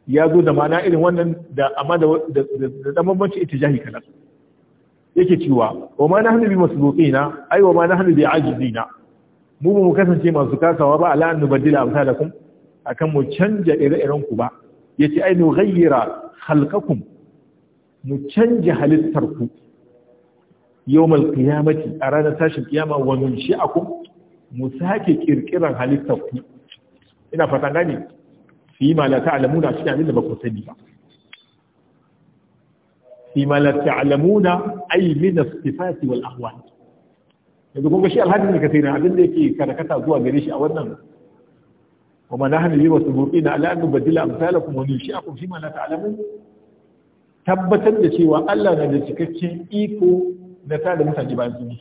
ya zo da ma'ana irin wannan da amma da da bambanci ittijahi kalan yake cewa wa ma nahnu bi masbuqina ay wa ma nahnu bi ajizina mu ba mu kasance masu kasawa ba ala an nubaddila amsalakum akan mu canja ire irenku ku ba yace ay nu ghayyira halkakum mu canja halittarku yawmal qiyamati a ranar tashin kiyama wa nunshi'akum mu sake kirkiran halittarku ina fata gane fi ma la ta'lamuna cikin abin da ba ku sani ba fi ma la ta'lamuna ay min as-sifati wal ahwal yanzu kun ga shi alhaji ne kasira abin da yake karakata zuwa gare shi a wannan وما نحن لي وسبوقين على أن نبدل أمثالكم وننشئكم فيما لا تعلمون tabbatar da cewa Allah na da cikakken iko na tada mutane bayan sun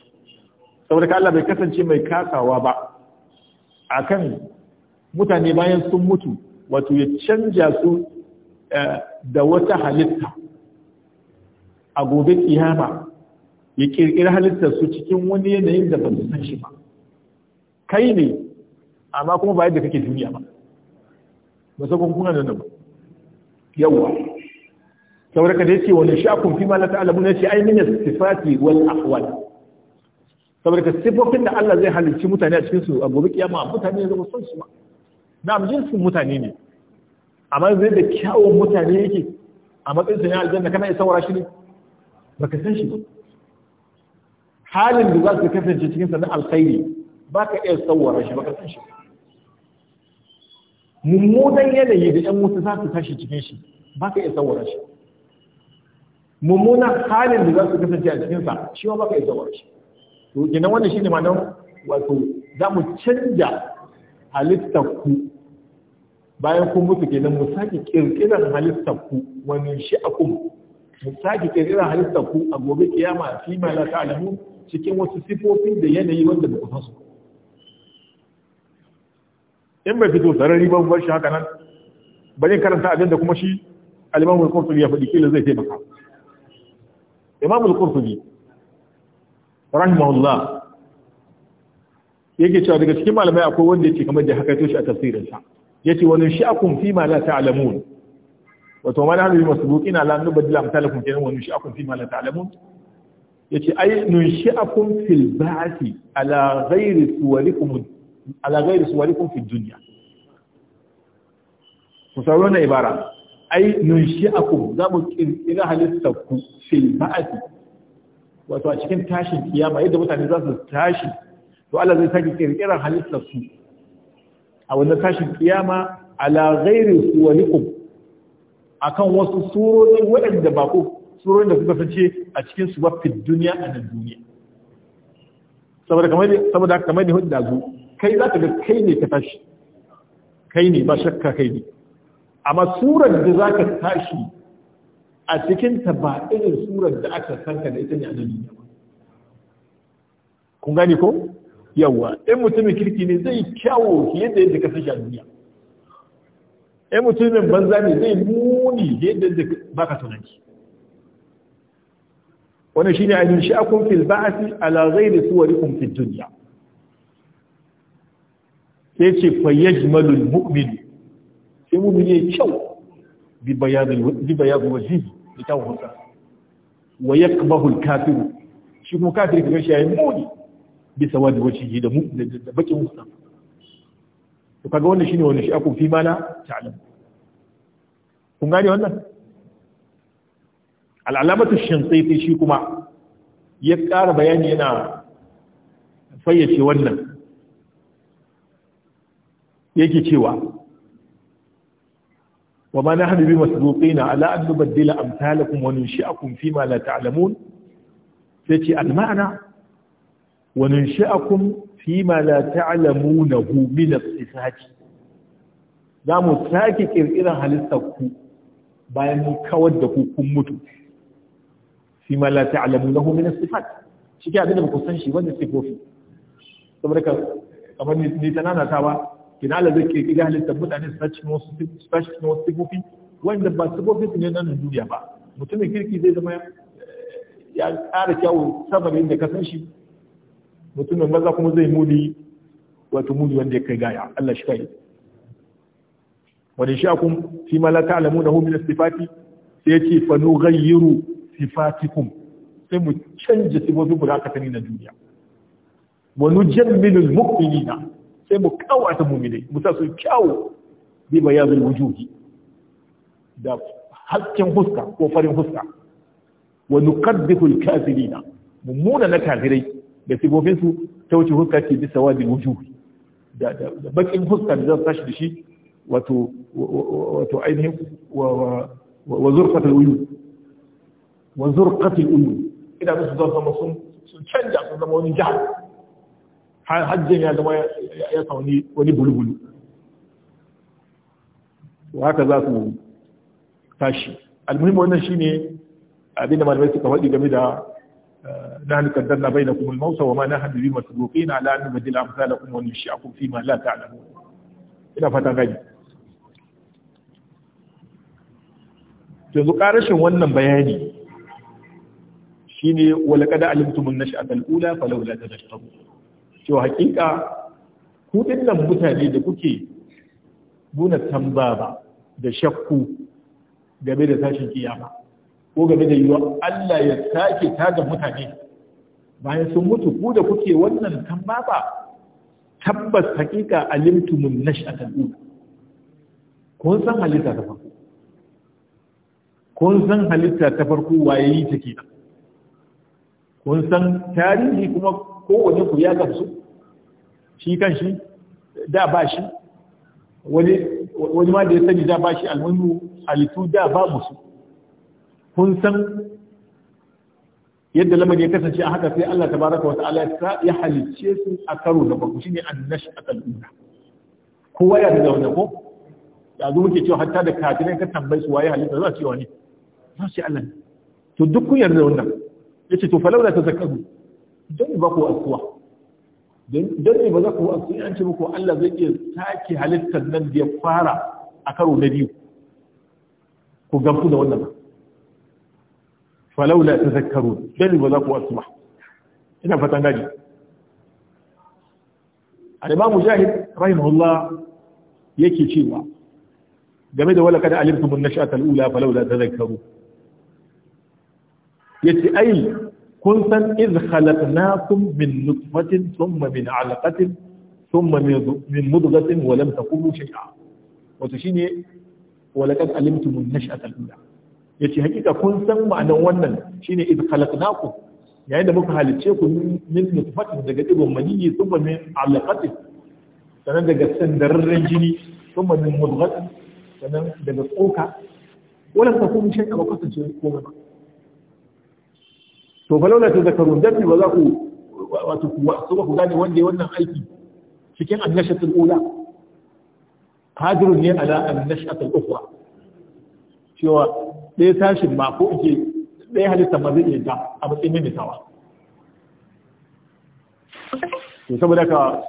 saboda ka Allah bai kasance mai kasawa ba akan mutane bayan sun mutu wato ya canja su da wata halitta a gobe kiyama ya ƙirƙira halittar su cikin wani yanayin da ba san shi ba kai ne amma kuma ba yadda kake duniya ba ba sa kun kuna da ba yawa saboda ka dace wani shakun fi ma la mun ne ai min sifati wal ahwal saboda ka sifofin da Allah zai halicci mutane a cikin su a gobe kiyama mutane zai zama su ba na'am jinsin mutane ne amma zai da kyawun mutane yake a matsayin sun yi aljanna kana isa wara shi ne baka san shi ba halin da za su kasance cikin sanin alkhairi ba ka iya tsawara shi ba ka san shi ba mummunan yanayi da 'yan wasu za su tashi cikin shi ba ka iya tsawara shi mummunan halin da za su kasance a cikinsa shi ba ka iya tsawara shi to gina wannan shi ne ma nan wato za mu canja halittar ku bayan kun mutu kenan mu sake kirkiran halittar ku wani shi a kuma mu sake kirkiran halittar ku a gobe kiyama fi ma la ta'lamu cikin wasu sifofi da yanayi wanda ba ku san su in bai fito sarari ban bar shi haka nan bari karanta abin da kuma shi al-Imam al-Qurtubi ya faɗi kila zai taimaka Imam al-Qurtubi rahimahullah yake cewa daga cikin malamai akwai wanda yake kamar da haka toshi a tafsirin sa yace wani akun fi ma la ta'lamun wato ma nahnu masbuqin ala nubaddil amsalakum kenan wani akun fi ma la ta'lamun yace ai nun shi akun fil ba'thi ala ghairi suwarikum ala ghairi suwarikum fi duniya ku sauro na ibara ai ku za mu kirkira halitta ku fil ba'ati wato a cikin tashin kiyama yadda mutane za su tashi to Allah zai sake kirkirar halitta su a wanda tashin kiyama ala ghairi suwarikum akan wasu surori waɗanda ba ku surori da kuka sace a cikin su ba fi duniya a nan duniya saboda kamar da kamar da hudu da kai za ka ga kai ne ka tashi kai ne ba shakka kai ne amma surar da za ka tashi a ta ba irin surar da aka sanka da ita ne a nan duniya ba kun gane ko yawa in mutumin kirki ne zai kyawo fiye da yadda ka san a duniya in mutumin banza ne zai muni fiye da yadda ba ka tunanci Wani wannan shine ainihin sha'akun fil ba'asi ala ghairi suwarikum fid dunya sai ce malul mu'min sai mu'min ya kyau bi bayanin wajihi da kyau hussa wa yakbahul kafiru shi kuma kafiri kaga shi yayin muni bisa wadi wajihi da mu da bakin hussa to kaga wannan shine wannan shi aku fi mana ta'lam kun gane wannan al'alamatu shinsaiti shi kuma ya ƙara bayani yana fayyace wannan yake cewa wa ma nahnu bi masbuqina ala an nubaddila amsalakum wa nunshi'akum fima la ta'lamun sai ce al ma'ana wa nunshi'akum fima la ta'lamunahu min as-sifati za mu sake kirkiran halittar ku bayan mun kawar da ku kun mutu fima la ta'lamunahu min as-sifat cikin abin da ba ku san shi wanda sifofi saboda kamar ni ta ba. kina Allah zai ke kiga halittar mutane su tashi wasu sigofi wanda ba sigofi ne nan duniya ba mutumin kirki zai zama eh, ya ƙara kyawu saboda inda ka san shi mutumin maza kuma zai muni wato muni wanda ya kai gaya Allah shi kai wani sha kun fi ma la ta'lamu da min sifati sai yace fa nughayyiru sifatikum sai mu canja sifofin ku da aka sani na duniya wa nujammilu al-mu'minina sai mu kawata mu'minai mu sa su kyawu bi bayazul wujuhi da hakkin huska ko farin huska wa nuqaddihu al-kafirina muna na kafirai da sifofin su ta wuce huska ce bisa wadi wujuhi da da bakin huska da zan tashi da shi wato wato ainihin wa wa zurqat al-uyun wa zurqat al-uyun idan su zama sun sun canja su zama wani jahil hajjin ya zama ya sauni wani bulbulu haka za su tashi almuhimmi wannan shi ne abinda malamai suka faɗi game da na eh, nahnu bai na kuma. mausa wa ma nahnu bi masbuqina ala an nubdila amsalakum wa nushi'akum fi ma la alamu. ina fata gani yanzu karashin wannan bayani shi na shi alimtumun dal'ula falawula da tadhkurun cewa hakika ku dinnan mutane da kuke buna tambaba da shakku game da tashin kiyama ko game da yiwuwa Allah ya sake tada mutane bayan sun mutu ku da kuke wannan tamba ba? tabbas hakika alimtumun nash'atul ula kun san halitta ta farko kun san halitta ta farko waye yi take kun san tarihi kuma kowane ku ya gamsu shi kan shi da ba shi wani ma da ya sani da ba shi almanu halittu da ba musu kun san yadda lamar ya kasance a haka sai Allah tabaraka wa ta'ala ya halicce su a karo da baku shine annashatul ula kowa ya da wannan ko yanzu muke cewa hatta da kafirai ka tambayi su waye halitta za su yi wani za su yi Allah to duk kun yarda wannan yace to falau ta zakaru don ba ku afkuwa don ne ba za ku afkuwa an ce muku Allah zai iya sake halittar nan da ya fara a karo na biyu ku gamsu da wannan ba na ta zakaru don ba za ku afkuwa ina fatan gaji Alimamu imam mujahid rahimahullah yake cewa game da wala kada alimtum an-nash'ata Falau na falaula tadhakkaru yace ai kun san iz khalaqnakum min nutfatin thumma min alaqatin thumma min mudghatin wa lam takunu shay'a wato shine wa laqad alimtum an-nash'ata al-ula yace hakika kun san ma'anan wannan shine iz khalaqnakum yayin da muka halicce ku min nutfatin daga digon maniyyi thumma min alaqatin sanan daga sandarren jini thumma min mudghatin sanan daga tsoka wa lam takunu shay'a ba kasance komai ba to fa laula zakaru dabbi ba za ku wato ku wasu ba ku gane wanda wannan aiki cikin annashatul ula hadirun ne ala annashatul ukhra cewa ɗaya tashin ma ko ake ɗaya halitta ma zai iya ta a matsayin maimaitawa to saboda ka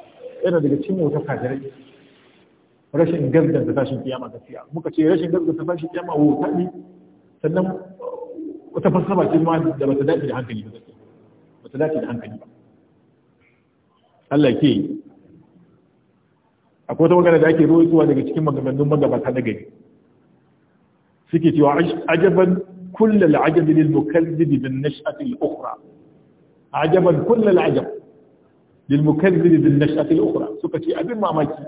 yana daga cikin wata kajirai rashin da tashin kiyama gaskiya muka ce rashin da tashin kiyama wuta ne sannan wata fassara ce ma da bata dace da hankali ba bata dace da hankali ba Allah ke yi akwai wata magana da ake ruwaitowa daga cikin maganganun magabata na gari suke cewa ajaban kulla al'ajab lil mukazzibi bin nash'ati al-ukhra ajaban kulla al'ajab lil mukazzibi bin nash'ati al-ukhra suka ce abin mamaki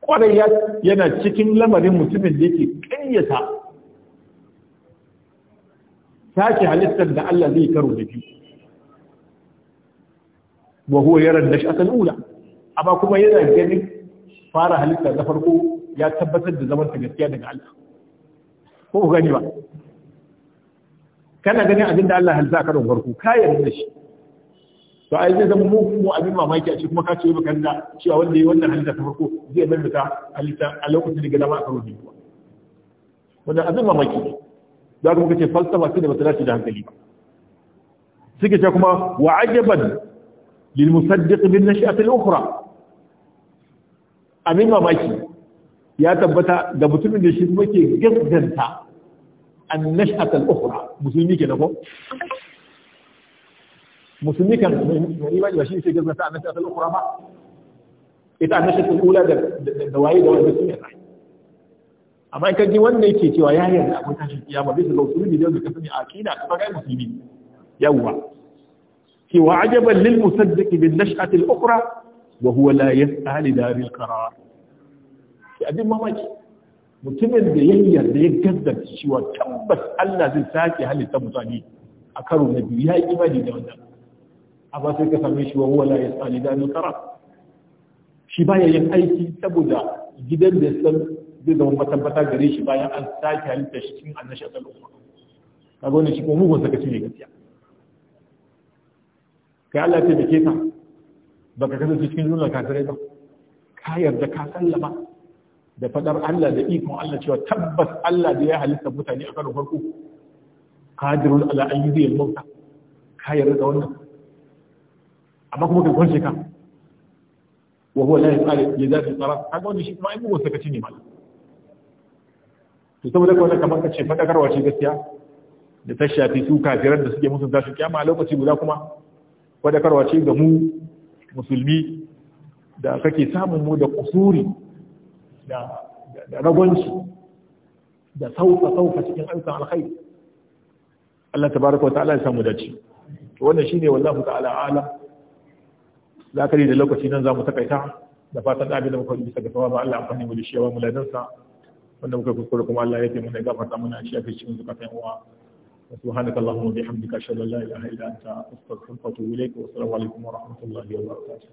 kwarai yana cikin lamarin mutumin da yake ƙayyata tashi halittar da Allah zai karo da biyu wa huwa yara nash'atul ula amma kuma yana ganin fara halitta na farko ya tabbatar da zaman ta gaskiya daga Allah ko ku gani ba kana ganin abin da Allah halitta karon farko ka yarda da shi to ai zai zama mu abin mamaki a shi kuma ka ce ba kanda cewa wanda yi wannan halitta ta farko zai mallaka halitta a lokacin da gaba a karo biyu wannan abin mamaki ne da aka muka ce falsafa ce da ba ta dace da hankali ba suke ce kuma wa ajaban lil musaddiq bin nashi'at al ukhra abin mamaki ya tabbata ga mutumin da shi kuma ke gagganta an nashi'at al ukhra musulmi ke nako musulmi kan mai ba shi ke gagganta an nashi'at al ukhra ba ita an nashi'at al ula da waye da wanda suke rayu amma in kaji wanda yake cewa ya yi yarda akwai tashin kiyama bisa ga usulubi da ka sani aqida ka ga musulmi yawwa cewa ajaban lil musaddiq bin nash'ati al ukhra wa huwa la yas'al dar al qarar ki abin mamaki mutumin da ya yi yarda ya gaddar cewa tabbas Allah zai sake halitta mutane a karo na biyu ya yi imani da wannan amma sai ka same shi wa huwa la yas'al dar al qarar shi baya yin aiki saboda gidan da san zai zama matabbata gare shi bayan an sake halitta shi cikin annashi asal kuma. kaga gani shi kuma mugun sakaci ne gaskiya kai Allah keta ba ka baka kasance cikin jumlar kafirai ba ka yarda ka sallama da fadar Allah da ikon Allah cewa tabbas Allah da ya halitta mutane a karo farko qadirun ala an yudhi al-mauta ka yarda da wannan amma kuma kai kwanci ka wa huwa la yasal jazaa al-taraf kaga wannan shi kuma ai mugun sakaci ne malam to saboda kawai kamar ka ce fadakarwa ce gaskiya da ta shafi su kafirar da suke musu tashi kiyama a lokaci guda kuma fadakarwa ce ga mu musulmi da kake samun mu da kusuri da ragonci, da sauka sauka cikin aikin alkhairi Allah tabaraka wa ta'ala ya samu dace wannan shine wallahu ta'ala ala zakari da lokaci nan zamu takaita da fatan da abin da muka yi bisa ga tawaba Allah amfani mu da shewa wa muladansa wanda muka kokoro kuma Allah ya yi mana gafarta mana shi yafi cikin zukatan uwa wa subhanaka allahumma bihamdika ashhadu an la ilaha illa anta astaghfiruka wa atubu ilayk wa assalamu alaikum wa rahmatullahi wa barakatuh